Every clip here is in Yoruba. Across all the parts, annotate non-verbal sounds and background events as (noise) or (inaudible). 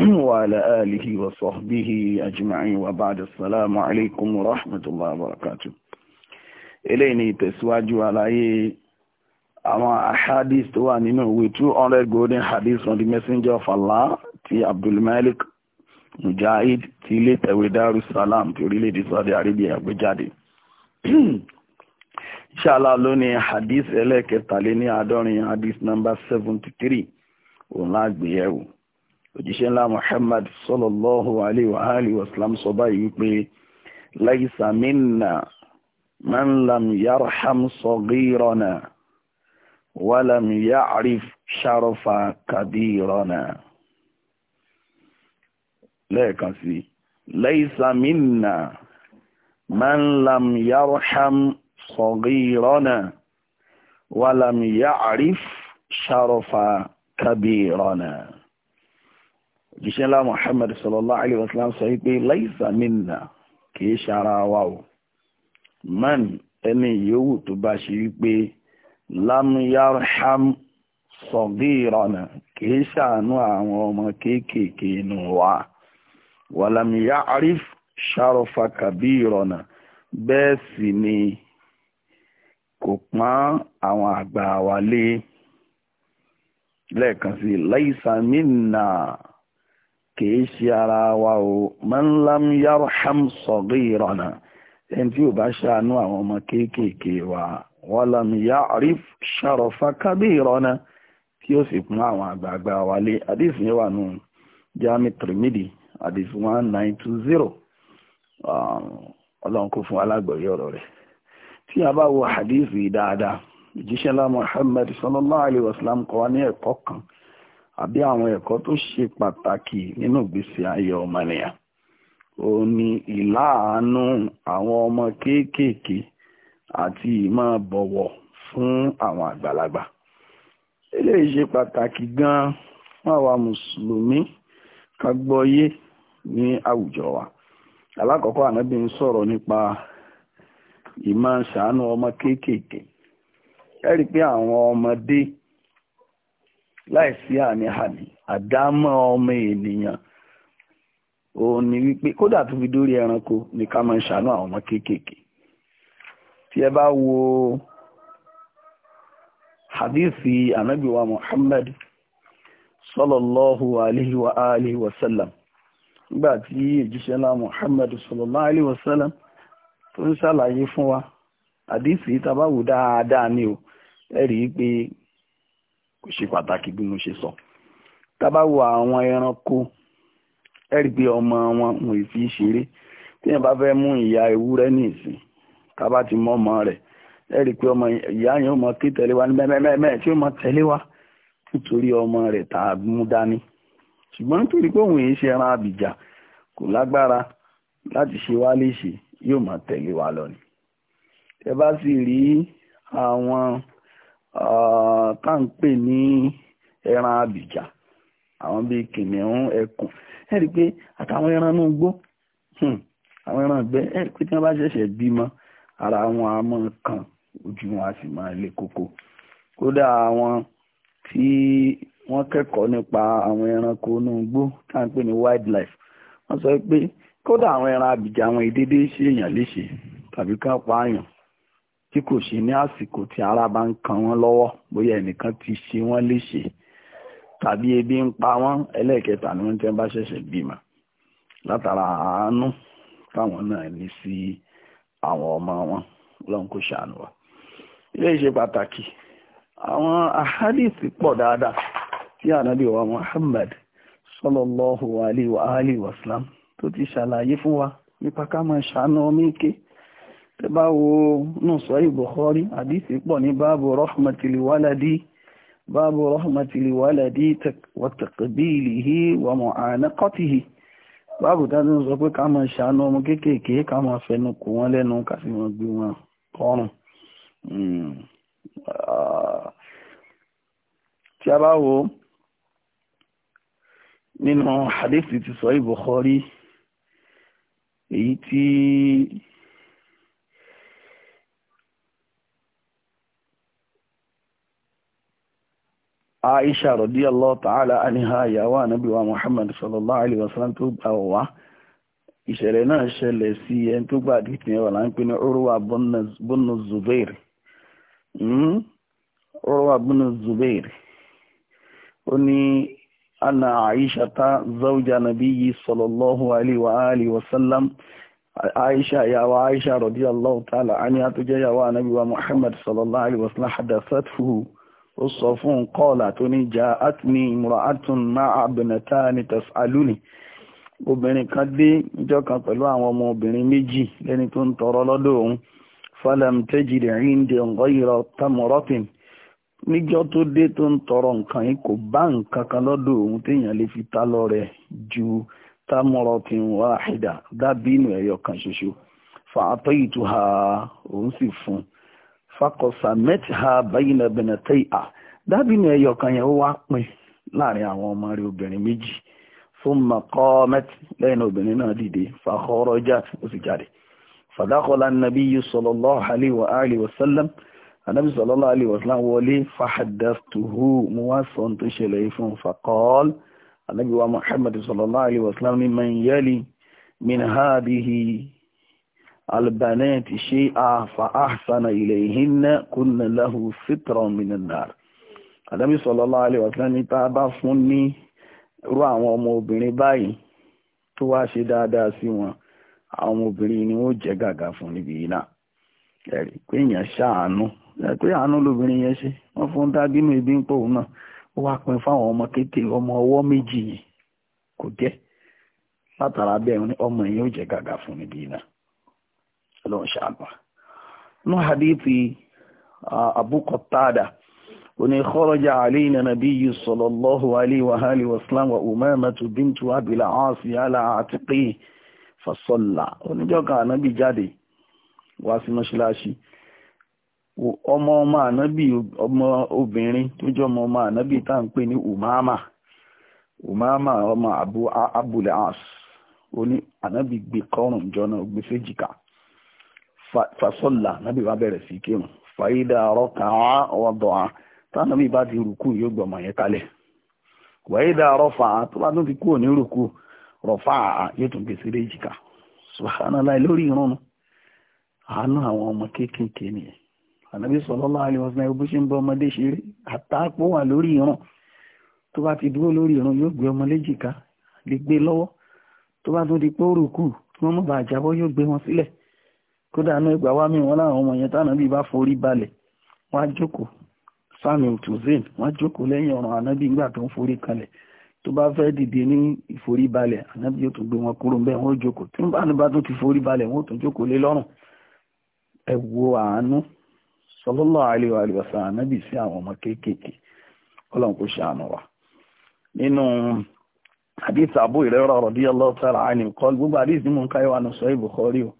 وعلى آله وصحبه أجمعين وبعد السلام عليكم ورحمة الله وبركاته إليني تسواج على àwọn ahadith tó wà nínú ìwé two hundred golden hadith from the messenger of allah ti abdulmalik mujahid ti ilé tẹ̀wé darussalam ti orílẹ̀-èdè saudi arabia gbé jáde (clears throat) inshallah lónìí hadith ẹlẹ́kẹtàléní àádọ́rin hadith number seventy òun lágbèyẹ̀wò òjíṣẹ́ ńlá Muhammad sallallahu alayhi wa alihi wa sallam sọ báyìí wípé laisa minna man lam yarham saghirana wa lam ya'rif sharafa kabirana lẹ́ẹ̀kan sí laisa minna man lam yarham saghirana wa lam ya'rif sharafa kabirana òjíṣẹ́ ńlá Muhammad sallallahu alaihi wasallam sọ wípé laisa minna kìí ṣara wa o man ẹni yòówù tó bá ṣe wípé lam yarham sagirana kìí ṣàánú àwọn ọmọ kéékèèké inú wa walam ya'rif sharafa kabirana bẹ́ẹ̀ sì ni kò pọ́n àwọn àgbà wa lẹ́ẹ̀kan sí laisa minna kìí ṣe ara wa o man lam yarham saghirana ẹni tí ò bá ṣàánú àwọn ọmọ kéékèèké wa wa lam ya'rif sharafa kabirana tí ó sì pọ́n àwọn àgbààgbà wa lé àdìsí yẹn wà nù jami trimidi àdìsí one nine two zero ọlọ́run kò fún alágbọ̀yé ọ̀rọ̀ rẹ̀ tí a bá wo àdìsí dáadáa ìjíṣẹ́lá Muhammad sallallahu alayhi wa kọ́ wa ní ẹ̀kọ́ kan àbí àwọn ẹ̀kọ́ tó ṣe pàtàkì nínú ìgbésí ayé ọmọnìyàn ó ní ìláàánú àwọn ọmọ kéékèèké àti ìmọ̀ bọ̀wọ̀ fún àwọn àgbàlagbà eléyìí ṣe pàtàkì gan-an fún àwa mùsùlùmí ká gbọ́yé ní àwùjọ wa alákọ̀ọ́kọ́ ànábì ń sọ̀rọ̀ nípa ìmọ̀ ṣàánú ọmọ kéékèèké ẹ rí i pé àwọn ọmọdé láìsí àní àní àdámọ́ ọmọ ènìyàn òun ni wípé kódà tó fi dórí ẹranko ni ká máa ń ṣàánú àwọn ọmọ kéékèèké tí ẹ bá wo hadithi anabiwa muhammad sallallahu alaihi wa alihi wa sallam nígbà tí ìjíṣẹ́ ńlá muhammad sallallahu alaihi wa sallam tó ń ṣàlàyé fún wa hadithi tá bá wò dáadáa ni o ẹ pé kò ṣe pàtàkì bí mo ṣe sọ tá bá wo àwọn ẹranko ẹ̀rí pé ọmọ wọn wọn ì fi ṣeré téèyàn bá fẹ́ mú ìyá ewúrẹ́ ní ìsìn tá bá ti mọ ọmọ rẹ̀ ẹ̀rí pé ọmọ ìyá yẹn ó mọ ké tẹ̀lé wa ní mẹ́mẹ́mẹ́ tí ó mọ tẹ̀lé wa nítorí ọmọ rẹ̀ tá a mú dání ṣùgbọ́n nítorí pé òun yìí ṣe ẹran àbìjà kò lágbára láti ṣe wá léṣe yóò mọ tẹ̀lé wa lọ ni ẹ bá sì rí àwọn Ah, tá à ń pè ní ẹran àbìjà àwọn bíi kìnìún ẹkùn ẹ rí i pé àtàwọn ẹran inú igbó hmm, àwọn ẹran ìgbẹ́ ẹ rí i pé tí bá bímọ ara wọn a máa kàn ojú wọn a sì máa le koko kódà àwọn tí wọ́n kẹ́kọ̀ọ́ nípa àwọn ẹranko inú igbó tá à pè ní wildlife wọ́n sọ pé kódà àwọn ẹran àbìjà àwọn ìdédé ṣèèyàn léṣe tàbí ká pààyàn tí kò ṣe ní àsìkò tí ara bá ń kan wọ́n lọ́wọ́ bóyá ẹnìkan ti ṣe wọ́n léṣe tàbí ebi ń pa wọ́n ẹlẹ́ẹ̀kẹta ni wọ́n ti bá ṣẹ̀ṣẹ̀ bímọ látara àánú táwọn náà ní sí àwọn ọmọ wọn lọ́n kó ṣàánú wa ilé ìṣe pàtàkì àwọn àhádìsì pọ̀ dáadáa tí ànábì wa Muhammad sallallahu alaihi wa alihi wasallam tó ti ṣàlàyé fún wa nípa ká máa ṣàánú ọmọ ike tẹ bá wo nùsọ́ ìbùkọ́rí àdìsí pọ̀ ní báàbù rahmatili waladi báàbù rahmatili waladi wàtàkàbíìlìhí wà mọ̀ ànákọ́tìhì báàbù dájú sọ pé ká máa ṣàánú ọmọ kéékèèké ká máa fẹnu kò wọ́n lẹ́nu ká sì aisha radiyallahu ta'ala anha ìyàwó ànábì wa muhammad sallallahu alayhi wa sallam tó gbà wá ìṣẹ̀lẹ̀ náà ṣẹlẹ̀ sí ẹni tó gbà dìtì ẹwà là ń pè ní urwa bunu zubair hmm? urwa bunu zubair ó ní ana aisha ta zawja nabiyyi sallallahu alayhi wa alihi wa sallam aisha yàwó aisha radiyallahu ta'ala anha tó jẹ́ yàwó ànábì muhammad sallallahu alayhi wa sallam hadathathu ó sọ fún kọ́ọ̀là tó ní jà átùní ìmúra átùn máa àbẹ̀nẹ̀tà ní tẹ̀sàlùní obìnrin kan dé ìjọ kan pẹ̀lú àwọn ọmọ méjì lẹ́ni tó ń tọrọ lọ́dọ̀ òun falam tẹ́jìrì ríndẹ̀ ọ̀gọ́yìrọ̀ tamọ̀rọ́tìn níjọ́ tó dé tó ń tọrọ nǹkan yìí kò bá nǹkan kan lọ́dọ̀ fi ta lọ ju tamọ̀rọ̀tìn wàhídà dábìínú ẹ̀yọ kan fakọ̀sà mẹ́tìhà bẹ́yìnà bẹ̀nẹ̀tẹ́ ìhà dábìnrin ẹ̀yọ̀ kan yẹn ó wá pín láàrin àwọn ọmọ rẹ̀ obìnrin méjì fún makọ́ mẹ́tì lẹ́yìn obìnrin náà dìde fàkọ́rọ́ jáde ó sì jáde fàdákọ́lá nàbí yìí sọlọ́lọ́ àlè wà áàlè wà sálẹ́m ànábì sọlọ́lọ́ àlè wà sálẹ́m wọlé fàhàdàtùhù mo wá sọ tó ṣẹlẹ̀ fún fàkọ́l ànábì wa muhammad sọlọ́lọ́ àlè wà sálẹ́m ní mẹ́yẹ́lì min hadihi البنات شيئا فأحسن إليهن كن له سترا من النار Ànábì sallallahu alaihi wasallam ní tá a bá ọmọ obìnrin báyìí tó wá ṣe dáadáa sí wọn àwọn ọmọbìnrin ni wọ́n jẹ́ gàgà fún níbi iná ẹ̀rí pé èèyàn ṣàánú pé àánú lobìnrin yẹn ṣe wọ́n fún dábínú ibi ń pò náà ó wá pin fáwọn ọmọ ọmọ méjì yìí kò fún níbi iná ọlọ́run ṣàánú ní hadithi Abu Qatada oní kharaja alayna nabiyyu sallallahu alayhi wa alihi wa sallam wa Umamatu bintu Abil As ala atiqi fasọ́là oníjọ́ kan ànábì jáde wá sí mọ́ṣáláṣí ọmọ ọmọ ànábì ọmọ obìnrin tó jẹ́ ọmọ ọmọ ànábì tá à ń umama umama ọmọ abu abul as oní ànábì gbé kọrùn jọ náà gbé séjìká fasọ́là nábì bá bẹ̀rẹ̀ sí kírun fàyídà rọ́kà ọ̀dọ̀ à tánàbí bá ti rùkú yóò gbọ̀mọ̀ yẹn kalẹ̀ wàyídà rọ́fà tó bá tún ti kúrò ní rùkú rọ̀fà yóò tún gbèsè léjìká subhanallah lórí irun àánú àwọn ọmọ kéékèèké nìyẹn ànábì sallallahu alaihi wasallam bó ṣe ń bọ ọmọdé ṣeré àtàkó wà lórí irun tó bá ti dúró lórí irun yóò gbé ọmọ léjìká lè gbé lọ́wọ́ tó bá tún di pé ó tí wọ́n mọ̀ bá àjábọ́ yóò gbé wọn sílẹ̀ kódà náà ìgbà wá mi wọn láwọn ọmọ yẹn tánàbí bá forí balẹ̀ wọ́n á jókòó sami otuzel wọ́n á jókòó lẹ́yìn ọ̀ràn ànábì nígbà tó ń forí kalẹ̀ tó bá fẹ́ dìde ní ìforíbalẹ̀ ànábì yóò tún gbé wọn kúrò bẹ́ẹ̀ wọ́n jókòó tí wọ́n bá ní bá tún ti foríbalẹ̀ wọ́n tún jókòó lé lọ́rùn ẹ wo àánú sallallahu alaihi wa wasallam ànábì sí àwọn ọmọ kéékèèké ọlọ́run kò ṣàánú wa nínú hadith Abu Hurairah radiyallahu ta'ala anhu qala gbogbo hadith ni mo ń káyọ̀ wà ní sọ Bukhari o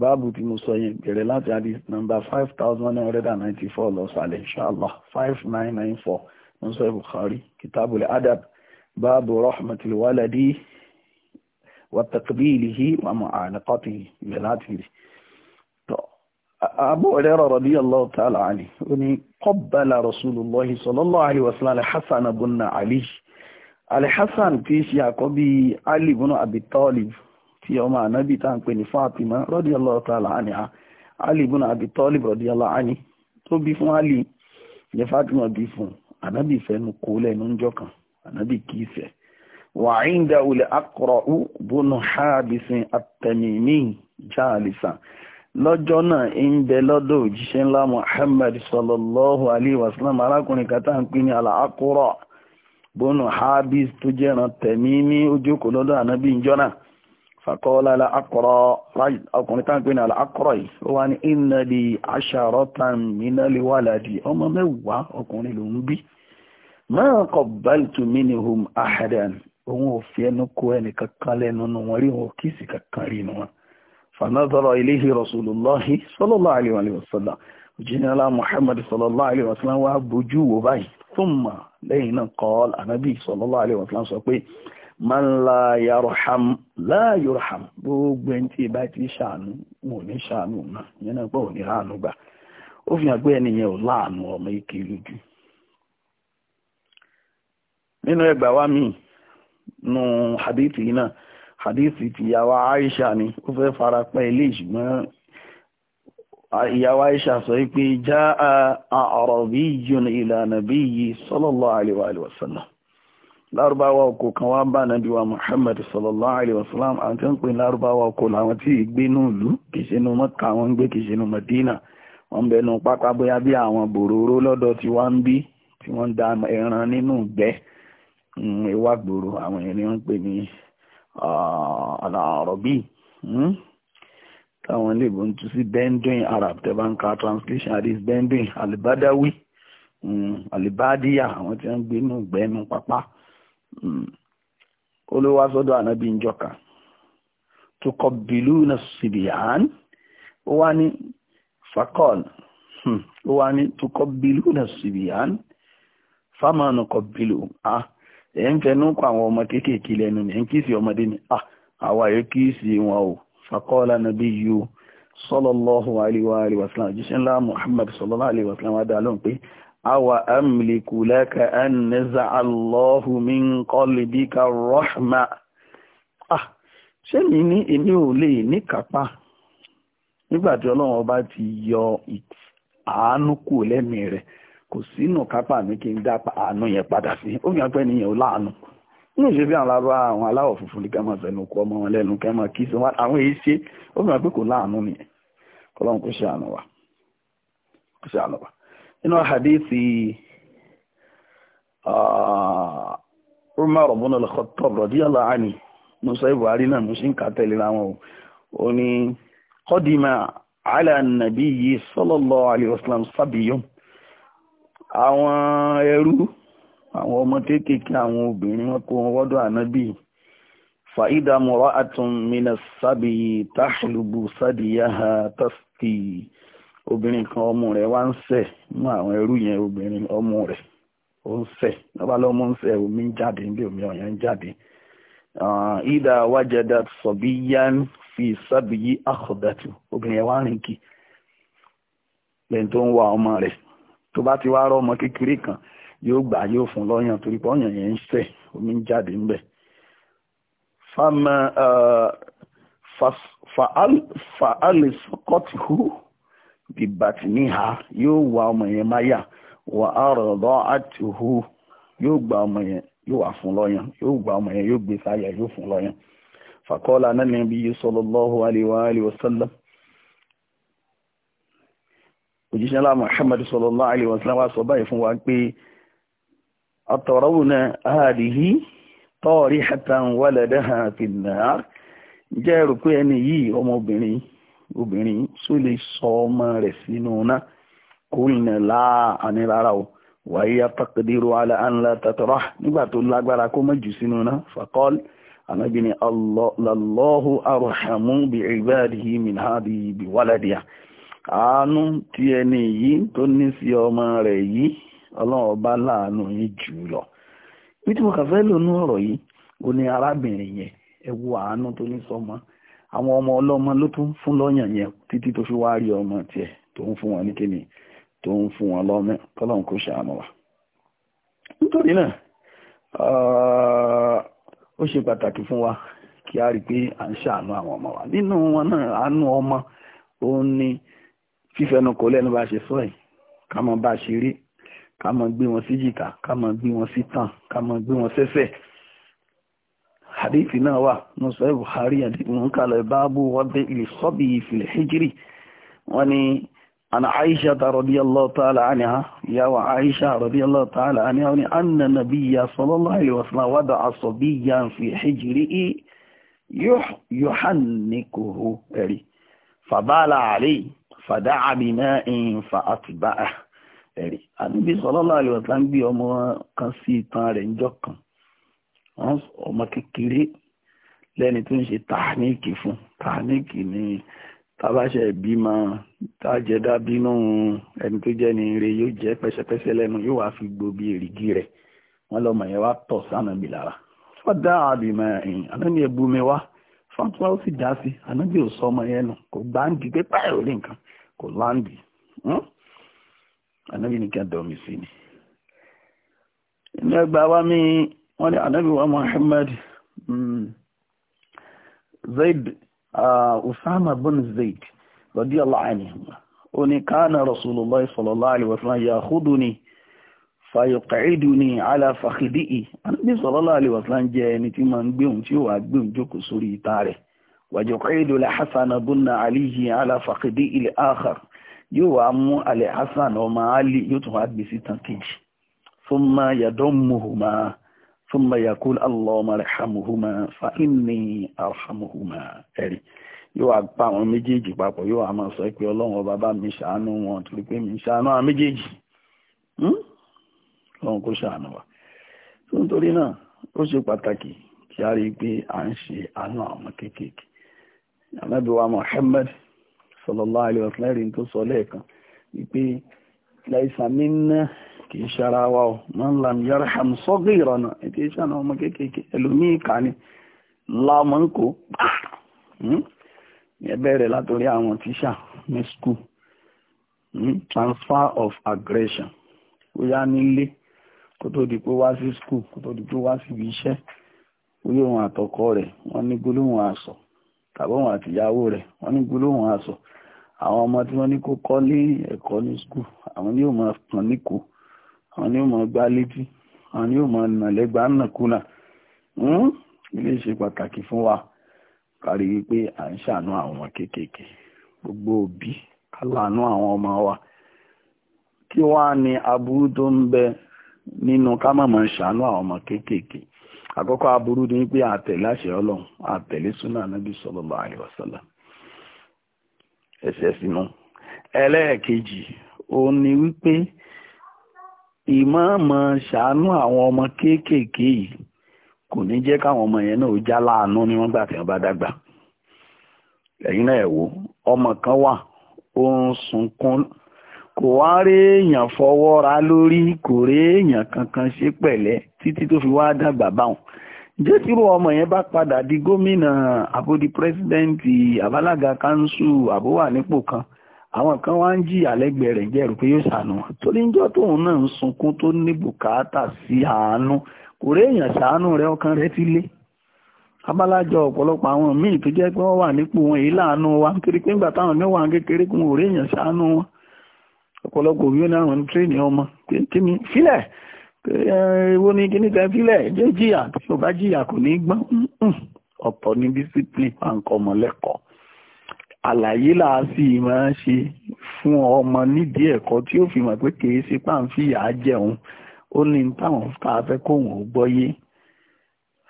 báàbù tí mo sọ yẹn bẹ̀rẹ̀ láti hadith number five thousand nine hundred and ninety four lọ sàlẹ̀ inshallah five nine nine four nusra bukhari kitabul adab báàbù rahmatil waladi wa taqbilihi wa mu'anaqatihi bẹ̀rẹ̀ láti rí abu ọ̀rẹ́rọ̀ radiyallahu ta'ala anhu ó ní qabbala rasulullahi sallallahu alaihi wasallam alhassan abunna ali alhassan tí í ṣe àkọ́bí ali bunu abi talib tí ọmọ ànábì tá à ń pè ní Fatima radiyallahu ta'ala anha Ali ibn Abi Talib radiyallahu anhu tó bí fún Ali ní Fatima bí fún ànábì fẹnu kó lẹ́nu ńjọ́ kan ànábì kì í fẹ́ wa inda al-Aqra'u bunu Habis at-Tamimi jalisan lọ́jọ́ náà ń bẹ lọ́dọ̀ òjíṣẹ́ ńlá Muhammad sallallahu alayhi wa sallam arákùnrin kan tá à ń pè ní al-Aqra' bunu Habis tó jẹ́ràn Tamimi ó jókòó lọ́dọ̀ ànábì ńjọ́ náà fàkọ́ọ́lá alákọ̀rọ̀ ọkùnrin táwọn pè ní alákọ̀rọ̀ yìí ó wá ní ìnàlè aṣàrọ́tàn mínàlè wàlàdì ọmọ mẹ́wàá ọkùnrin ló ń bí máa kọ̀ báìtù mínihùm ahadan òun ò fi ẹnu kó ẹnì kankan lẹ́nu nù wọ́n rí wọn kí sì kankan rí nu wọn. fanadọ́rọ̀ iléhi rasulillahi sallallahu alayhi wa sallam jinala man la yarham la yarham gbogbo ẹni tí ìbá ti ṣàánú wọn ò ní ṣàánú náà yẹn náà pé ò ní ráàánú gbà ó fi hàn pé ẹni yẹn ò láàánú ọmọ ike lójú nínú ẹgbà wa mi nu hadithi yìí hadithi ti yàwá Aisha ni ó fẹ́ fara pẹ́ ilé ìṣùgbọ́n ìyàwó aisha sọ wípé já àrọ̀bí yun ìlànà bí yí sallallahu alaihi wa sallam lárúbáwá oko kan wá bá nàbí wa muhammad sallallahu alayhi wa sallam àwọn tí wọ́n ń pè lárúbáwá oko làwọn tí ìgbé nù lù kìí ṣe nu mọ́ta àwọn ń gbé kìí ṣe nu mọ́dínà wọ́n pápá bóyá bí àwọn bòróró lọ́dọ̀ tí wọ́n ń bí tí wọ́n da ẹran nínú ìgbẹ́ ìwà hmm, gbòòrò àwọn ẹni ń pè ní àrọ̀bí ah, hmm? táwọn ilé ìbò sí bendin arab tẹ́bá translation àdís bendin alibadawi hmm, alibadiya àwọn tí wọ́n ń gbẹ́nu pápá. Hmm. olówó sọ́dọ̀ ànábì ń jọka tó kọ bìlú na sibiyan ó wá ní fakọ́l hmm. ó wá ní tó kọ bìlú na sibiyan fámánù kọ bìlú ah ẹ̀ ń fẹnu kọ àwọn ọmọ kéékèèké lẹ́nu ní ẹ̀ ń kíìsì ọmọdé ni ah àwa yóò kíìsì wọn o fakọ́l ànábì yìí sọlọ́lọ́hùn àríwá àríwá sílám jíṣẹ́ ńlá muhammad sọlọ́lá àríwá sílám adá lóhùn pé awa amliku laka an naza allahu min qalbika rahma ah ṣé mi ní èmi ò lè ọba ti yọ àánú kù lẹ́mí kò sínú kápá mi kí n yẹn ní ìṣe àwọn àwọn aláwọ̀ funfun ní sẹ́nu ọmọ wọn lẹ́nu kí àwọn èyí ṣe ó pé kò láàánú nìyẹn inú hadithi ah, Umar ibn al-Khattab radiyallahu anhu musa ibuhari náà mo ṣe ń kà tẹ̀lé láwọn ò ní qadima ala an-nabiyyi sallallahu alayhi wa sallam sabiyyun àwọn ẹrú àwọn ọmọ kéékèèké àwọn obìnrin wọn kó wọn wọ́dọ̀ ànábì mura'atun min as-sabiyyi tahlubu sadiyaha tasqi obìnrin kan ọmọ rẹ̀ wá ń sẹ̀ mú àwọn ẹrú yẹn obìnrin ọmọ rẹ̀ ó ń sẹ̀ lọ́ba lọ́mọ ń sẹ̀ omi ń jáde níbi omi ọ̀yàn ń jáde ìdá wájẹdà sọ̀bí yán fi sábìyí àkọ́dàtù obìnrin yẹn wá rìn kì lẹ́yìn tó ń wa ọmọ rẹ̀ tó bá ti wá rọ ọmọ kékeré kan yóò gbà yóò fún lọ́yàn torí pé ọ̀yàn yẹn ń sẹ̀ omi ń jáde ńbẹ̀ fàmà fàálì sọkọ́tì hù bibatiniha yóò wá ọmọ yẹn máyà wà á rọ̀dọ́ àtìhù yóò gba ọmọ yẹn yóò wà fún lọ́yàn yóò gba ọmọ yẹn yóò gbé sáyà yóò fún lọ́yàn fàkọ́lá nánà bí yìí sallallahu alaihi wa sallam òjíṣẹ́ láàmù Muhammad sallallahu alaihi wa sallam wá sọ báyìí fún wa pé àtọ̀rọ̀wùnà àdìhí tọ́ọ̀rí hatan waladaha fi an jẹ́ rò ẹni yìí ọmọbìnrin obìnrin só lè sọ ọmọ rẹ̀ sínú náà kúrìnà láà àníràrà o wàyí apákàdérò alẹ́ ànlá tàtàrà nígbà tó lágbára kó mọ̀ jù sínú náà fàkọ́lì ànábì ni lọ́lọ́hu arhamu bí ibadihi min hadi bí waladiya àánú tí ẹni yìí tó ní sí ọmọ rẹ̀ yìí ọlọ́run ọba láàánú yìí jù lọ bí tí mo kà fẹ́ lónú ọ̀rọ̀ yìí ó ní arábìnrin yẹn ẹ wo àánú tó ní sọmọ àwọn ọmọ ọlọ́mọ ló tún fún lọ́yàn yẹn títí tó fi wá rí ọmọ tiẹ̀ tó ń fún wọn ní kíni tó ń fún wọn lọ́mọ kọ́lọ́n kò ṣàánú wa. nítorí náà ah, ó ṣe pàtàkì fún wa kí a rí i pé à ń ṣàánú àwọn ọmọ wa nínú wọn náà àánú ọmọ òun ni fífẹnukò lẹ́nu bá ṣe sọ yìí ká mọ bá ṣe rí ká mọ gbé wọn sí jìkà ká mọ gbé wọn sí tàn ká mọ gbé wọn sẹ́sẹ̀ hadithi náà wà nùsọ̀ buhari àti ìmúkalẹ̀ báàbù wọ́dé ìlìsọ́bì ìfìlẹ̀ hijiri wọ́n ní ana aisha ta radiyallahu ta'ala anha yawa aisha radiyallahu ta'ala anha wani anna nabiyya sallallahu alaihi wasallam wada asabiyan fi hijrihi yuhannikuhu eri fabala alayhi fada'a bina'in fa atba'ah eri anabi sallallahu alaihi wasallam bi ọmọ kan sí ìtàn rẹ̀ njọ́ kan ọmọ kékeré lẹ́ni tó ń ṣe tàníìkì fún tàníìkì ni tábàṣẹ ìbímọ tájẹdá bínú ẹni tó jẹ́ ni ire yóò jẹ́ pẹ́sẹ́pẹ́sẹ́ lẹ́nu yóò wá fi gbòbi èrìgì rẹ̀ wọ́n lọ́mọ yẹn wá tọ̀ sánà bì lára fọ́dà àbìmọ̀ ẹ̀yìn ànáni ẹ̀bù mi wá fọ́tún ó sì dá sí ànábì ò sọ ọmọ yẹn nù kò gbáǹdì pé páyọ̀ rí nǹkan kò láǹdì ànábì ní kí a dọ̀ mí sí ni. inú ẹgbàá wa mi wọ́n ní ànábì wa Muhammad mm, Zaid uh, Usama bin Zaid radiyallahu anhu ó ní kana Rasulullah sallallahu alaihi wa sallam yakhuduni fàyọ̀kàídùní aláfàkìdìí anábí sọ̀rọ̀lá àlèwàsílá ń jẹ́ ẹni tí ma ń gbéhùn tí ó wà gbéhùn jókòó sórí ìta rẹ̀ wàjọ̀kàídù alhassan abúnà alihi aláfàkìdìí ilẹ̀ akhar yóò wá mú alhassan ọmọ ali yóò tún wá gbèsè tán kejì fún ma yàdọ́ ثم يقول اللهم ارحمهما فإني أرحمهما ẹ̀rí yóò wá pa àwọn méjèèjì papọ̀ yóò wá máa sọ pé ọlọ́run ọba bá mi ṣàánú wọn torí pé mi ṣàánú àwọn méjèèjì hmm? ọlọ́run kò ṣàánú wa nítorí náà ó ṣe pàtàkì kí a rí i pé à ń ṣe àánú àwọn kéékèèké ànábì wa Muhammad sallallahu alaihi wasallam tó sọ lẹ́ẹ̀kan wípé láìsàn nínú kìí ṣara wa o man lam yarham saghirana kìí ṣàna ọmọ kéékèèké ẹlòmíì kà ní lámọ́ ń kó yẹn hmm? bẹ̀rẹ̀ látòrí àwọn tíṣà ní skul hmm? transfer of aggression bóyá nílé kó tó di pé wá sí skul kó tó di pé wá síbi iṣẹ́ bóyá òun àtọkọ rẹ̀ wọ́n ní gbólóhùn asọ̀ tàbí òun àtìyàwó rẹ̀ wọ́n ní gbólóhùn asọ̀ àwọn ọmọ tí wọ́n ní kó kọ́ ní ẹ̀kọ́ ní skul àwọn yóò máa pọ̀n níkòó àwọn ni ó mọ̀ gbá létí àwọn ni ó mọ̀ nàlẹ́gbàá nàkúnà hmm? ilé ṣe pàtàkì fún wa kárí wípé à ń ṣàánú àwọn ọmọ kéékèèké gbogbo òbí kálánú àwọn ọmọ wa kí wá ni aburú tó ń bẹ nínú ká má máa ọmọ kéékèèké àkọ́kọ́ aburú ni pé àtẹ̀lé àṣẹ ọlọ́run àtẹ̀lé súnà sínú ẹlẹ́ẹ̀kejì òun ni wípé ìmọ̀ọ́mọ̀ ṣàánú àwọn ọmọ kéékèèké yìí kò ní jẹ́ káwọn ọmọ yẹn náà ó já láàánú ni wọ́n gbà tí wọ́n bá dàgbà ẹ̀yin náà ẹ̀ wò ọmọ kan wà ó ń sunkún kò wá rí èèyàn fọwọ́ ra lórí kò rí kankan ṣe pẹ̀lẹ́ títí tó fi wá dàgbà báwọn ǹjẹ́ tírú ọmọ yẹn bá padà di gómìnà àbódi pírẹsidẹ́ǹtì àbálága kanṣu àbówà nípò kan àwọn kan wá ń jìyà lẹ́gbẹ̀ẹ́ rẹ̀ jẹ́rù pé yóò ṣàánú wọn torí níjọ́ tóun náà ń sunkún tó ní bùkátà sí àánú kò rí èèyàn ṣàánú rẹ̀ ọkàn rẹ̀ ti lé abálájọ ọ̀pọ̀lọpọ̀ àwọn míì tó jẹ́ pé wà nípò wọn èyí láàánú wa pé táwọn ní wọn kékeré kún òré réèyàn wọn ọ̀pọ̀lọpọ̀ òbí ní àwọn àlàyé làá sì máa ṣe fún ọmọ nídìí ẹ̀kọ́ tí ó fi mọ̀ pé kìí ṣe páǹfìyà jẹun ó ní táwọn tá a fẹ́ kóhùn ó gbọ́yé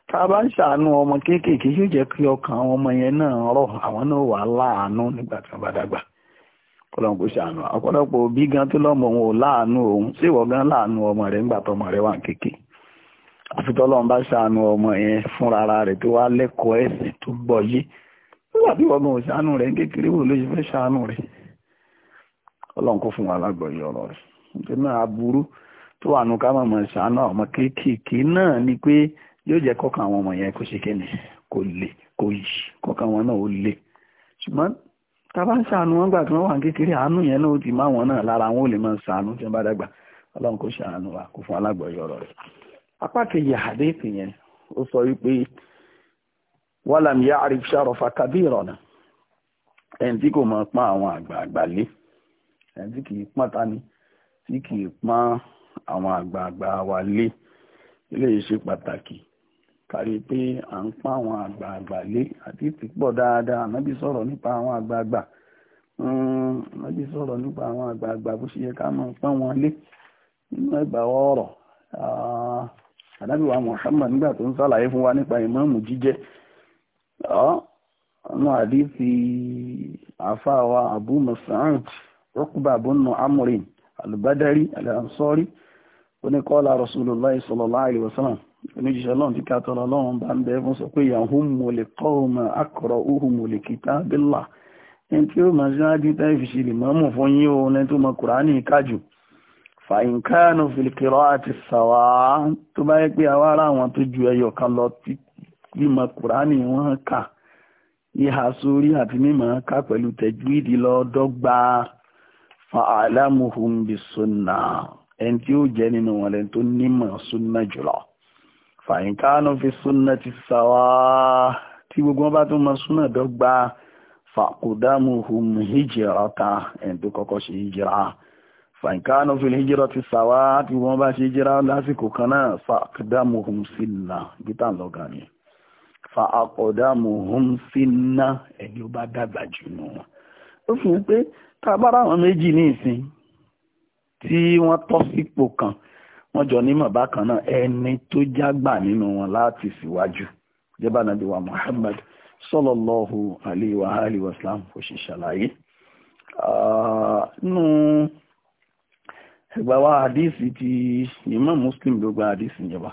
tá a bá ń ṣàánú ọmọ kéékèèké yóò jẹ́ kí ọkàn àwọn ọmọ yẹn náà rọ̀ àwọn náà wà láàánú nígbà tí wọ́n bá dàgbà kọlọ́n kò ṣàánú ọ̀pọ̀lọpọ̀ òbí gan tó lọ́mọ òun ò láàánú òun ṣèwọ gan láàánú ọmọ rẹ̀ ńgbà tọmọ rẹ̀ wà kéèké àfitọ́lọ́n bá ṣàánú ọmọ yẹn fúnra rẹ̀ tó wá lẹ́kọ̀ọ́ ẹ̀sìn tó gbọ́yé nígbà tí wọ́n gan òṣàánú kékeré wò ló ṣe fẹ́ ṣàánú rẹ̀ kó fún wa lágbọ̀ọ́yé ọ̀rọ̀ rẹ̀ nítorí náà aburú tó wà nù ká máa ṣàánú ọmọ kéékèèké náà ni pé yóò jẹ kọ́kàn àwọn ọmọ yẹn kó ṣe kéne kó le kó yí kọ́kàn wọn náà ó le a bá ń ṣàánú wọn gbà tí wọ́n wà kékeré àánú yẹn náà ó ti má wọn náà lára wọn ò lè máa ṣàánú tí bá dàgbà kó ṣàánú wa kó fún wàlàm yá àrífṣà rọ̀fà kàbí ìrọ̀nà ẹni tí kò mọ̀ pọ́n àwọn àgbààgbà lé ẹni tí kì í pọ́n tani tí kì í pọ́n àwọn àgbààgbà wa lé eléyìí ṣe pàtàkì kárí pé à ń pọ́n àwọn àgbààgbà lé àti ti pọ̀ dáadáa ànábì sọ̀rọ̀ nípa àwọn àgbààgbà hmm, ànábì sọ̀rọ̀ nípa àwọn àgbààgbà bó ṣe yẹ ká mọ̀ pọ́n wọn lé nínú ẹgbà ọ̀rọ̀ ah, ànábì wa Muhammad nígbà tó ń sàlàyé fún wa nípa ìmáàmù jíjẹ́ ọ̀nà àdífi àfáàwà abu mas'ud rọ́kùbà bọ́nà amúrin alùbádárì alànsọ́rí oníkọ́lá rasulullah sallallahu alaihi wasallam oníjìṣẹ́ lọ́n ti kàtọ́ lọ́wọ́n bá ń bẹ́ fún sọ pé yahummu liqawma aqra'uhumu likitabillah ẹni tí ó máa ṣe á dín táyì fi lè mọ́mù fún yín o ní tó mọ kùránì kájù fàyínkánu fìlìkìrọ́ àti sàwá tó bá yẹ pé àwa àwọn tó ju ẹyọ kan lọ mímọ̀ kùránì wọ́n kà ìhà sórí àti mímọ̀ ká pẹ̀lú tẹ̀júìdì lọ́dọ́gba fa'alamuhum bisunna ẹni tí ó jẹ́ nínú wọn lẹ́ni tó nímọ̀ sunna jùlọ fàyínkánu fi sunna ti sàwá tí gbogbo wọn bá tún mọ sunna dọ́gba fàkùdámuhum hijirata ẹni tó kọ́kọ́ ṣe hijira fàìkánà fi hijira ti sàwá tí wọ́n bá ṣe hijira lásìkò kan náà fàkídámù hùn sí gítà lọ́gà fa aqdamuhum finna ẹni ó bá dàgbà jù nù wọn ó fi hàn pé tá a bá ráwọn méjì ní ìsìn tí wọ́n tọ́ sípò kan wọ́n jọ nímọ̀ bákan náà ẹni tó jágbà nínú wọn láti síwájú jẹ́bà nàbí wa Muhammad sallallahu alayhi wa alihi wa sallam kò ṣe ṣàlàyé nínú ẹgbàá wa hadisi ti Imam Muslim ló gba yẹn wa.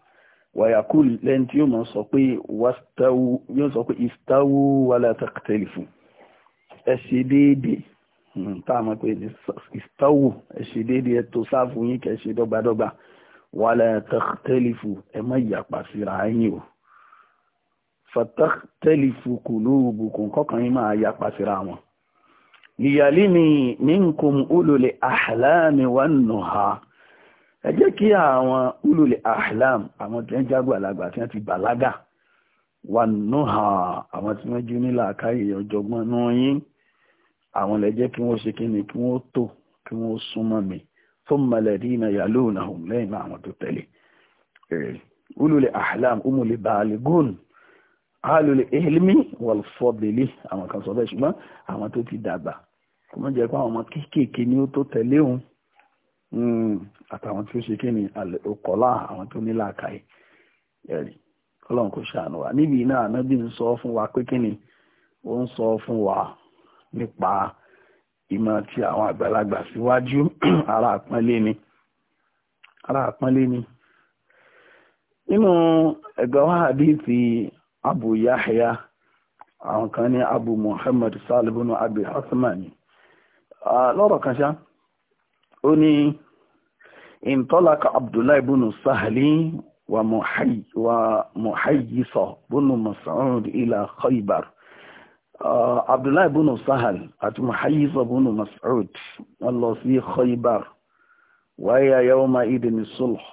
wàyàkùl lẹ́yìn tí yóò mọ̀ sọ pé yóò sọ pé ìstáwó wàlá tàkìtẹ̀lìfù ẹ ṣe déédéé hmm, tá a mọ̀ pé ìstáwó ẹ ṣe déédéé ẹ tó sáàfù yín kẹ́ ṣe dọ́gbadọ́gba wàlá ẹ má yàpá síra yín o fàtàkìtẹ̀lìfù kò lóòbùkún kọ́kàn yín máa yàpá síra wọn. ìyàlí ni minkum ulul ahlami wan nuha ẹ jẹ́ kí àwọn ulul ahlam àwọn tí wọ́n jágbà lágbà tí wọ́n ti bàlágà wà nùhà àwọn tí wọ́n jí nílà káyè ọ̀jọ̀gbọ́n nù yín àwọn lè jẹ́ kí wọ́n ṣe kí ni kí wọ́n tò kí wọ́n súnmọ́ mi thumma alladhina yalunahum lẹ́yìn àwọn tó tẹ̀lé ulul ahlam umul baligun alul ilmi wal fadli àwọn kan sọ bẹ́ẹ̀ ṣùgbọ́n àwọn tó ti dàgbà kò Hmm, àtàwọn tí ó ṣe kíni ọkọlá àwọn tó ní làákàyè ẹrí Ọlọ́run kò ṣàánú wa níbi iná ànábì ń sọ fún wa pé kíni ó ń sọ fún wa nípa ìmọ̀ tí àwọn àgbàlagbà síwájú (clears throat) ara àpọ́nlé ni ara àpọ́nlé ni nínú ẹ̀gbọ́n wa hadithi Abu Yahya àwọn kan ní Abu Muhammad ah, lọ́rọ̀ kan ṣáá. ó ní ìntọ́láka abdullahi bùnú sahali wa muhayyisa bùnú mas'ud ila khaybar uh, abdullahi bùnú sahal àti muhayyisa bùnú mas'ud wọ́n lọ sí khaybar wáyé yawma idin sulh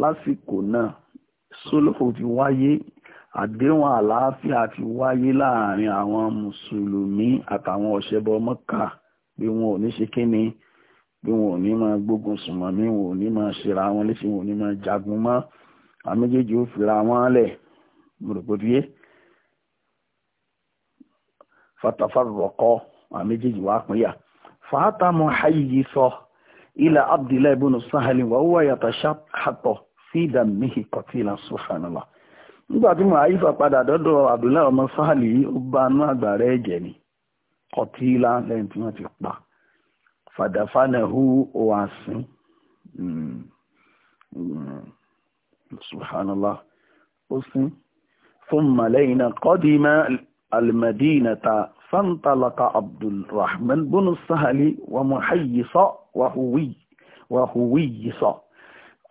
lásìkò náà sulh ti wáyé àdéhùn àlàáfíà ti wáyé láàrin àwọn mùsùlùmí àtàwọn ọ̀ṣẹ́bọ mọ́kà bí wọn ò ní ṣe kí ni. Suluhu, pé wọn ò ní máa gbógun sùnmọ́ mi wọn ò ní máa ṣera wọn léṣe wọn ò ní máa jagun mọ́ àwọn méjèèjì ó fira wọn lẹ̀ gbòdògbòdìyẹ fatafarọkọ àwọn méjèèjì wàá pínyà fàátàmù hayyi sọ ilà abdullahi ibn sahali wà wúwà yàtọ̀ ṣàtọ̀ sí ìdàmíhì kọtílà subhanallah nígbà tí mo àyífà padà dọ́dọ̀ abdullahi ọmọ sahali ó bá inú àgbà rẹ̀ jẹ̀ ni kọtílà lẹ́yìn tí wọ́n ti pa fàdáfánàhù òhànsìn hmm. subhanallah ó sín fún màlẹ́yìn kọ́dìmá almadinata fantalaka abdulrahman bunu sahali wa muhayyisa wa huwi wa huwiyisa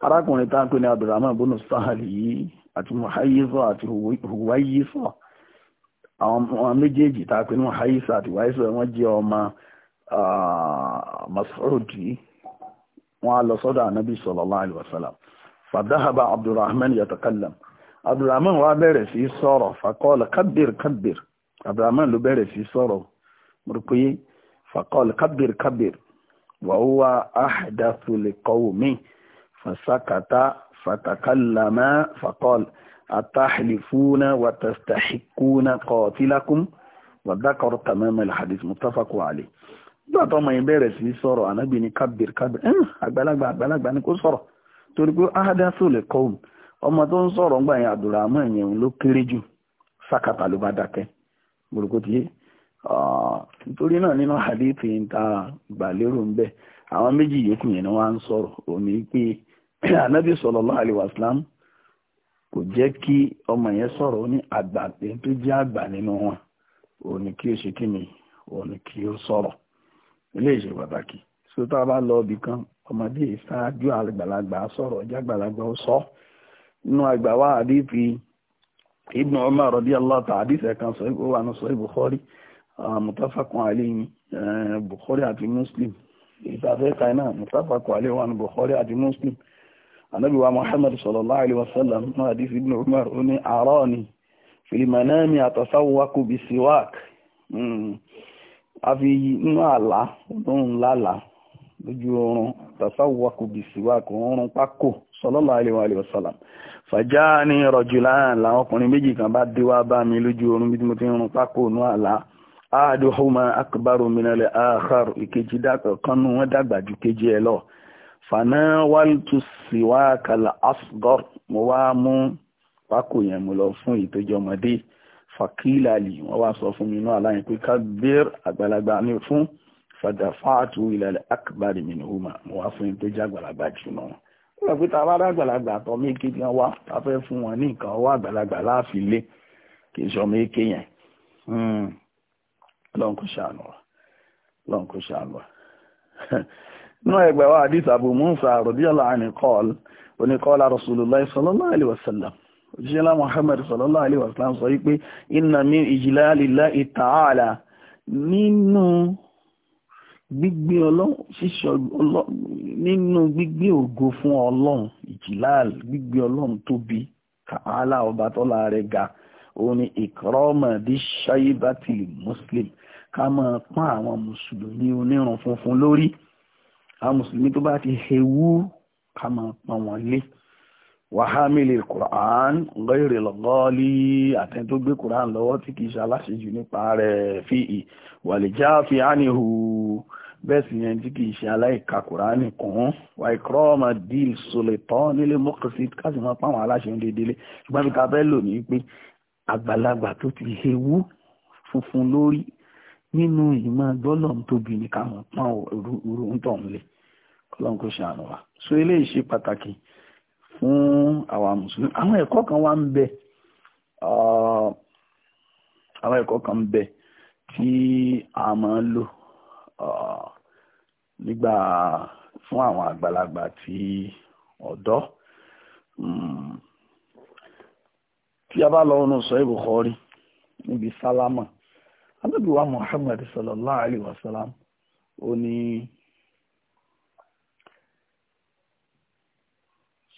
arákùnrin tá ń pè ní abdulrahman bunu sahali yìí àti muhayyisa àti huwayisa àwọn méjèèjì tá a pè ní àti huwayisa wọ́n jẹ́ ọmọ masoudi wọ́n á lọ sọ́dọ̀ ànábì sallallahu alaihi wasallam fàdáhàbà abdulrahman yatakallam abdulrahman wa bẹ̀rẹ̀ sí sọ̀rọ̀ faqala kabbir kabbir abdulrahman ló bẹ̀rẹ̀ sí sọ̀rọ̀ mọ̀rùkúyé faqala kabbir kabbir wa huwa ahdathu liqawmi fasakata fatakallama faqala atahlifuna watastahikuna qatilakum wa dhakara tamama alhadith muttafaqun alayh nígbà tó ọmọ yẹn bẹ̀rẹ̀ sí sọ̀rọ̀ ànábì ní kábìrì kábìrì àgbàlagbà àgbàlagbà ni kò sọ̀rọ̀ torí pé ahadasu lè kọ́ òun ọmọ tó ń sọ̀rọ̀ ńgbà yẹn àdùràmọ́ yẹn ló kéré jù sákàtà ló bá tiye nítorí náà nínú hadithi ń ta ń àwọn méjì yòókù yẹn ni wọ́n á ń sọ̀rọ̀ òní pé (clears throat) ọmọ yẹn sọ̀rọ̀ ní àgbà tó jẹ́ àgbà nínú wọn òní kí ilé ìṣe pàtàkì so tá a bá lọ ibì kan ọmọdé ìṣáájú àgbàlagbà sọ̀rọ̀ ọjà àgbàlagbà ó sọ nínú àgbà wa àdìfi Ibn Umar radiyallahu ta'ala àdìsẹ̀ kan sọ ó wà ní sọ Bukhari mutafakun alayhi eh, Bukhari àti Muslim ìtafẹ́ kainá mutafakun alayhi wà ní Bukhari àti Muslim anabi wa Muhammad sallallahu alayhi wa sallam ní àdìsí Ibn Umar ní àárọ̀ ni fil manami àtọ̀sáwọ́kù bí siwak hmm àfi inú àlá lóhun lálá lójú oorun tasawwaku bisiwaku oorun pákó sallallahu alaihi wa sallam fàjá ní rajulan làwọn ọkùnrin méjì kan bá dé wá bá mi lójú oorun bí mo ti ń rún pákó inú àlá ahaduhuma akbaru minal akhar ìkejì kan nù wọ́n dàgbà ju kejì ẹ lọ fanawaltu siwakal asghar mo wá mú pákó yẹn mo lọ fún ìtọ́jú ọmọdé fàkílàlì wọ́n wá sọ fún mi inú aláyìn pé kábír àgbàlagbà ní fún fàdàfáàtù ilẹ̀ akbari minhuma mo wá fún tó jẹ́ àgbàlagbà jù náà wọ́n pẹ́ tá a bá dá àgbàlagbà tọ́ méke kan wá tá fún wọn ní nǹkan ọwọ́ àgbàlagbà láàfin lé kì í sọ méke yẹn hmm. lọ́n ṣàánú nínú ẹgbẹ́ wa àdìs Abu Musa radiyallahu anhu qala oníkọ́lá Rasulullahi sallallahu alaihi òṣìṣẹ́ lá Muhammad sallallahu alaihi wasallam sọ wípé inna min ijlalillahi ta'ala nínú gbígbé ọlọ́run ṣíṣọ nínú gbígbé ògo fún ọlọ́run ìjìláàlì gbígbé ọlọ́run tóbi ta'ala ọba tọ́lá rẹ̀ ga òun ni ìkọ́rọ́mọ̀ dí ṣáyébátì muslim ká máa pọ́n àwọn mùsùlùmí onírun funfun lórí àwọn mùsùlùmí tó bá ti hewú ká máa pọ́n wọn lé wàhámìlì quran gẹ́rẹ̀ lọ́gọ́ọ́lì àtẹ́ tó gbé quran lọ́wọ́ tí kìí ṣe aláṣejù nípa rẹ̀ fi ì wàlìjá fi ánihu bẹ́ẹ̀ sì yẹn tí kìí ṣe aláìka quran kún wà ìkọ́ọ̀mà díl sọlẹ̀tọ́ nílé mọ́kànsí káṣí máa pàwọn aláṣẹ ń dédélé ṣùgbọ́n mi ká bẹ́ẹ̀ lò ní pé àgbàlagbà tó ti hewú funfun lórí nínú ìmọ̀ gbọ́lọ̀ tóbi ní káwọn pọ́n òru ń tọ̀ ń lé ọlọ́run kò ṣàánú wa so eléyìí ṣe pàtàkì fún àwa mùsùlùmí àwọn ẹ̀kọ́ kan wá ń bẹ uh, àwọn ẹ̀kọ́ kan ń bẹ tí a máa ń lò uh, nígbà fún àwọn àgbàlagbà tí ọ̀dọ́ hmm. tí a bá lọ ọ̀nà sọ Bukhari níbi sálámà anábìwá Muhammad sallallahu alaihi wasallam ó ní.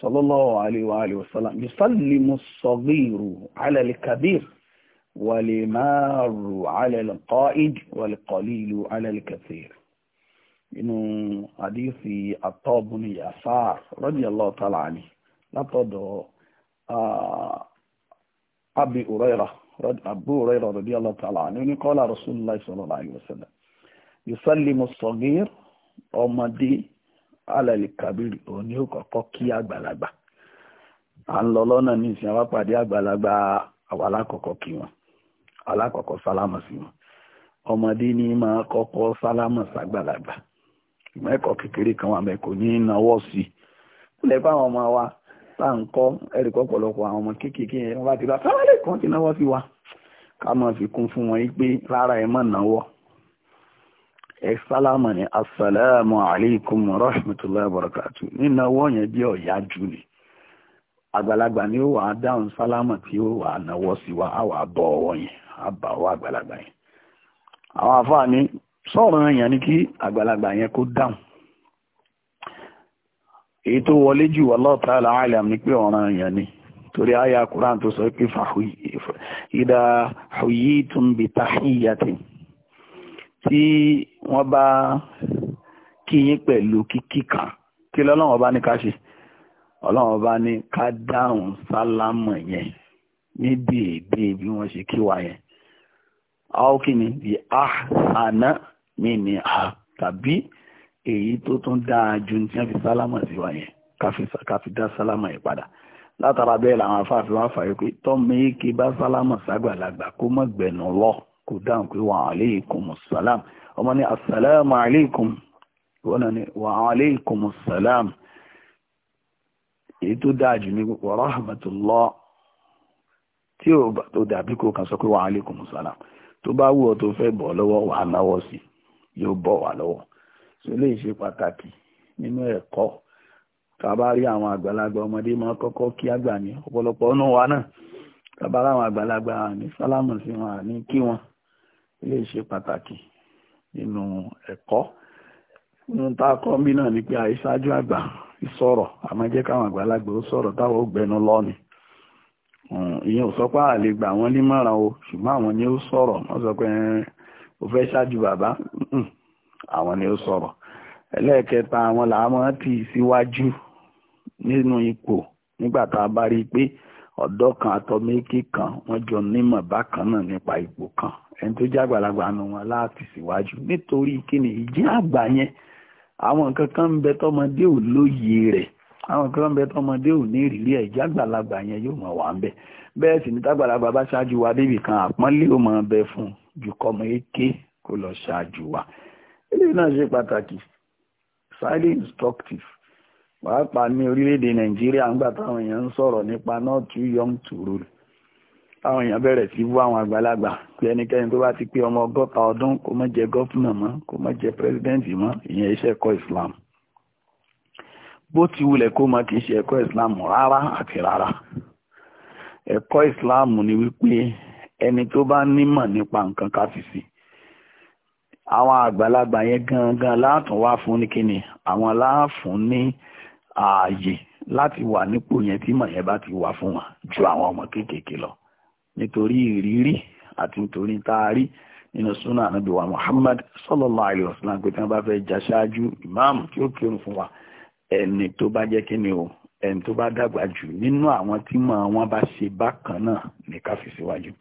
صلى الله عليه وآله وسلم يسلم الصغير على الكبير والمار على القائد والقليل على الكثير inú àdífi àtọ́bùn yasar radiyallahu ta'ala anhu látọ̀dọ̀ abi uraira abu uraira radiyallahu ta'ala anhu ní qala rasulullah sallallahu alaihi wasallam yusallimu as-saghir ọmọdé ala kabir òun ni ó kọ́kọ́ kí àgbàlagbà à ń lọ lọ́nà ní ìsìn agbalagba àgbàlagbà àwọn kí wọn alákọ̀ọ́kọ́ sálámà sí wọn ọmọdé ní máa kọ́kọ́ sálámà sàgbàlagbà ìmọ̀ kékeré kan wà mẹ́kọ̀ọ́ ní sí i wa tá à ń kọ́ ẹ̀rí ọmọ kéékèèké yẹn ti wa ká máa fi kún fún wọn yí pé rárá ẹ ẹ̀sálámà ní asàlámù alaykum rahmatullahi wa nínú ọwọ́ yẹn jẹ́ ọ̀yá jù ni àgbàlagbà ni ó wà á dáhùn sálámà tí ó wà á náwó sí wa á wà á bọ ọwọ́ yẹn á bà ọwọ́ àgbàlagbà yẹn àwọn ní sọ̀rọ̀ yẹn ni kí àgbàlagbà yẹn kó dáhùn èyí tó wọlé jù ni pé ọ̀ràn yẹn ni torí àyà tó sọ wọ́n bá kí yín pẹ̀lú kíkí kan kí lọ́lọ́run ọba ní ká ṣe ọlọ́run ọba ní ká dáhùn sálámù yẹn ní dèédé bí wọ́n ṣe kí wa yẹn aókìní bí àhànà mi ní a tàbí èyí tó tún dáa ju ní tí wọ́n fi sálámù sí wa yẹn ká fi dá sálámù yẹn padà látara bẹ́ẹ̀ làwọn afáàfin wá fàyè pé tọ́mọ bá sálámù ságbàlagbà kó mọ̀ lọ kó dáhùn pé wa alaykumus salam ọmọ ní assalamu alaikum wọ́n ní wa alaikum assalam èyí tó dáa jù ní wa rahmatullah tí ó bá tó dàbí kó kan sọ pé wa alaikum assalam tó bá wù ọ́ tó fẹ́ bọ̀ lọ́wọ́ wà náwọ́ sí yóò bọ̀ wà lọ́wọ́ so lè ṣe pàtàkì nínú ẹ̀kọ́ tàbá àwọn àgbàlagbà ọmọdé máa kọ́kọ́ kí àgbà ní ọ̀pọ̀lọpọ̀ ọ̀nà wa náà tàbá ráwọn àgbàlagbà ní sálámù sí wọn àní kí wọn lè ṣe pàtàkì nínú ẹ̀kọ́ nínú tá a kọ́ mí náà ni pé àìṣáájú àgbà ìsọ̀rọ̀ àmọ́ jẹ́ káwọn àgbàlagbà ó sọ̀rọ̀ táwọn ó gbẹnu ìyẹn ò sọ pé gbà wọ́n o ṣùgbọ́n àwọn ni ó sọ̀rọ̀ wọ́n o fẹ́ ṣáájú bàbá àwọn ni ó sọ̀rọ̀ ẹlẹ́ẹ̀kẹta àwọn làwọn ti síwájú nínú ipò nígbà tá ọ̀dọ́ kan àtọ́mẹ́kì kan wọ́n jọ nímọ̀ bákan náà nípa ipò kan ẹni tó jẹ́ àgbàlagbà nu wọn láti síwájú nítorí kíni ìjẹ́ àgbà yẹn àwọn nǹkan kan ń bẹ tọmọdé ò lóye rẹ̀ àwọn nǹkan kan ń bẹ tọmọdé ò ní ìrírí ẹ̀ ìjẹ́ àgbàlagbà yẹn yóò mọ̀ wá ń bẹ̀ bẹ́ẹ̀ sì ni tágbàlagbà bá ṣáájú wa débì kan àpọ́nlé ò mọ̀ bẹ fún ju kọ́mọ èké kó lọ ṣáájú wa eléyìí náà ṣe pàtàkì highly instructive pàápàá ní orílẹ̀-èdè nàìjíríà ń gbà táwọn èèyàn ń sọ̀rọ̀ nípa not too young to rule táwọn èèyàn bẹ̀rẹ̀ sí bú àwọn àgbàlagbà pé ẹnikẹ́ni tó bá ti pé ọmọ ọgọ́ta ọdún kò mọ̀ jẹ́ gọ́fúnà mọ́ kò mọ̀ jẹ́ pírẹ́sidẹ́ǹtì mọ́ ìyẹn iṣẹ́ ẹ̀kọ́ islam bó ti wulẹ̀ kó mọ kì í ṣe ẹ̀kọ́ islam rárá àti rárá ẹ̀kọ́ islam ni wípé ẹni tó bá nímọ̀ nípa nǹkan ká fi sí àwọn àgbàlagbà yẹn gangan láàtún wá fún ní kíni àwọn láàfún ní. ààyè láti wà nípò yẹn tí mọ̀ yẹn bá ti wà fún wọn ju àwọn ọmọ kéékèèké lọ nítorí ìrírí àti nítorí tá nínú súnà ànábì wa Muhammad sallallahu alayhi wa sallam pé tí wọ́n bá fẹ́ jà ṣáájú ìmáàmù tí ó kírun fún wa ẹni tó bá jẹ́ kí ni o ẹni tó bá dàgbà jù nínú àwọn tí mọ̀ àwọn bá ṣe bákan náà ní ká fi síwájú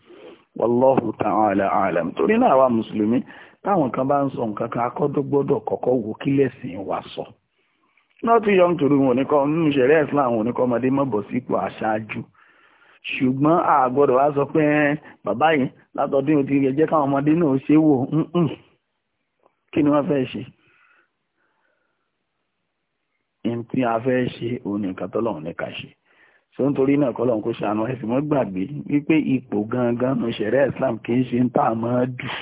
wallahu ta'ala alam torí náà àwa mùsùlùmí táwọn kan bá ń sọ nǹkan kan akọ́dọ́gbọ́dọ̀ kọ́kọ́ wo kílẹ̀sìn wa sọ. So not young to do wọn ní kọ́ nínú ìṣẹ̀rẹ́ islam wọn ní kọ́ ọmọdé mọ́ bọ̀ sípò aṣáájú ṣùgbọ́n a gbọ́dọ̀ wá sọ pé bàbá yìí látọ̀dún yóò ti rẹ̀ jẹ́ káwọn ọmọdé náà ṣe wò kí ni wọ́n fẹ́ ṣe n tí a fẹ́ ṣe òun nìkan tọ́lọ́run ní ká ṣe tó ń torí náà kọ́lọ́run kó ṣàánú ẹ̀sìn mọ́ gbàgbé wípé ipò gangan nù ìṣẹ̀rẹ́ islam kì í ṣe ń tà mọ́ dùn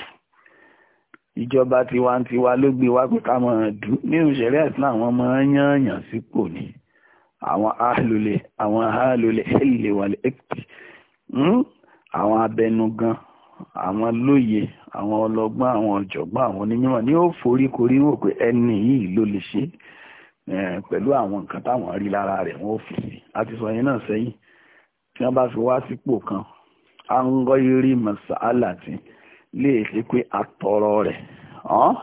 ìjọba tiwantiwa ló gbé wá pé ká máa dùn nínú ìṣẹ̀lẹ̀ ìsìlá àwọn ọmọ yányàn sípò ni àwọn ahlulè àwọn ahlulè hélè wàlẹ̀ hmm? àwọn abẹnugan àwọn lóye àwọn ọlọ́gbọ́n àwọn ọ̀jọ̀gbọ́n àwọn onímọ̀ ni ó foríkorí wò pé ẹni yìí ló lè ṣe pẹ̀lú àwọn nǹkan táwọn rí lára rẹ̀ wọ́n ò fi sí àti sọ yẹn náà sẹ́yìn tí wọ́n bá fi wá sípò kan à ń gọ́ irí mọ̀sálà tí lè ṣe pé àtọ̀rọ̀ rẹ̀ hàn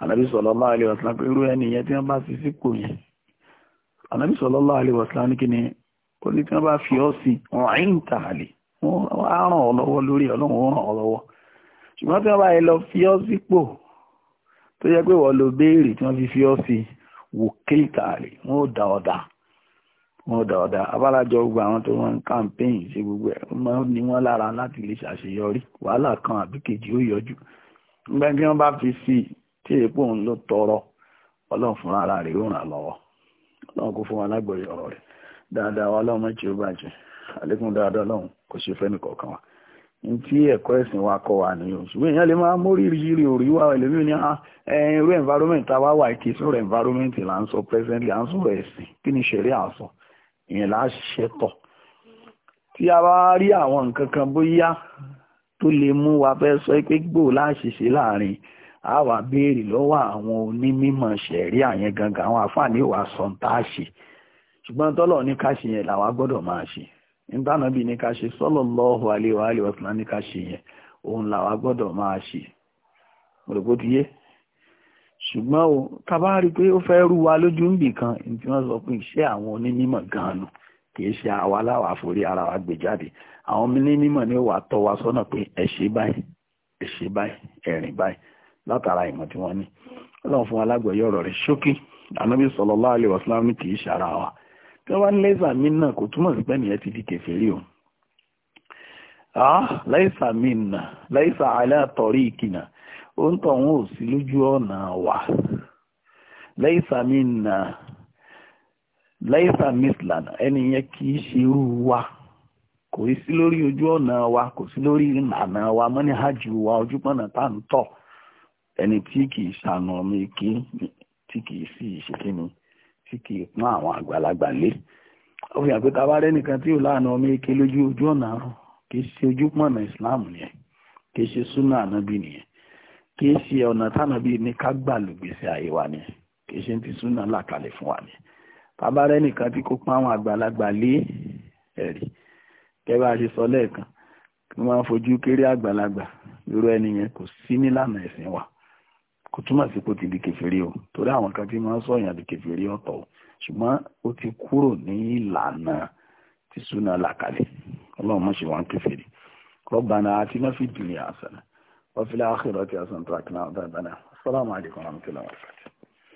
ànábì sallallahu alaihi wasallam pé irú ẹni yẹn tí wọ́n bá fi sípò yẹn ànábì sallallahu alaihi wasallam ní kíni ó ní tí wọ́n bá fi ọ́ sí ọ̀hìn tààlì wọ́n á ràn ọ́ lọ́wọ́ lórí ọlọ́run ràn ọ́ lọ́wọ́ ṣùgbọ́n tí wọ́n bá yẹ lọ fi ọ́ sípò tó yẹ pé wọ́n lo béèrè tí wọ́n fi fi ọ́ sí wòkè tààlì wọ́n ó da ọ̀dà wọn dáadáa abálájọ gbogbo àwọn tó wọn ń kàmpẹ́yìn sí gbogbo ẹ̀ máa wọn lára láti lè ṣàṣeyọrí wàhálà kan àbí kejì ó yọjú nígbà tí wọn bá fi sí tí ló tọrọ ara rẹ̀ ràn lọ́wọ́ kò fún dáadáa ó dáadáa kò ṣe wa wa wa lè ah, environment tá a wá environment là ń presently à ń sọ̀rọ̀ ìyẹn là á ṣiṣẹ́ tọ̀ tí a bá rí àwọn nǹkan kan bóyá tó lè mú wa fẹ́ sọ pé gbò láṣìṣe láàrin a wà béèrè lọ́wọ́ àwọn onímọ̀ ṣẹ̀rí àyẹn gangan àwọn àfààní ìwà sọ̀ǹtàṣì ṣùgbọ́n tọ́lọ̀ ní ká ṣe yẹn làwa gbọ́dọ̀ máa ṣe nígbàna bíi ní ká ṣe sallallahu alaihi wa alihi wasallam ní ká ṣe yẹn òun làwa gbọ́dọ̀ máa ṣe mo rò bó ti yé ṣùgbọ́n o kábà rí i pé ó fẹ́ rú wa lójú ń bì kan ní tí wọ́n sọ pé iṣẹ́ àwọn onímọ̀ gan-an nù kì í ṣe àwa láwàá forí ara wa gbé jáde àwọn onímọ̀ ni ó wàá tọ́ wa sọ́nà pé ẹ ṣe báyìí ẹ ṣe báyìí ẹ báyìí látara ìmọ̀ tí wọ́n ní ọlọ́run fún alágbọ̀yé ọ̀rọ̀ rẹ̀ ṣókí ànábì sallallahu alaihi wasallam kì í ṣara wa tí wọ́n bá ní lẹ́sà mi náà kò túmọ̀ sí pé nìyẹn ti di kèfèrí o. Ah, láìsà mi nà láìsà ala tariqina o ń tọ̀hún ò sí lójú ọ̀nà wa laysa minna laysa ẹni yẹn kì ṣe kò sí lórí ojú ọ̀nà wa kò sí lórí ìlànà wa mọ́ni hajj wa ojú pọ̀nà tá ẹni tí kì í ṣàna ọmọ tí kì í sì ṣe tí kì pọ́n àwọn àgbàlagbà lé ó fi hàn pé táwa nìkan tí ò láàánú ọmọ lójú ojú ọ̀nà ṣe ojú Islam nìyẹn kì í ṣe ọ̀nà tánà bíi ní ká gbà lùgbèsè àyè wa ni kì í ṣe ti súnà làkàlẹ̀ fún wa ni tabarẹ́ nìkan tí kò pa àwọn àgbàlagbà lé ẹ̀rí kẹ́bà ṣe sọ lẹ́ẹ̀kan kí wọ́n fojú kéré àgbàlagbà irú ẹni yẹn kò sí nílànà ẹ̀sìn wa kò túmọ̀ sí kò ti di kẹfìrí o torí àwọn kan tí máa sọ̀yàn di kẹfìrí ọ̀tọ̀ o ṣùgbọ́n ó ti kúrò ní ìlànà tí súnà làkàlẹ̀ ọlọ́run mọ̀ ṣe wá ń kẹfìrí rọ́bànà àti náà fi dùn ní àṣà وفي الآخرة حسنة وقنا عذاب السلام عليكم ورحمة الله وبركاته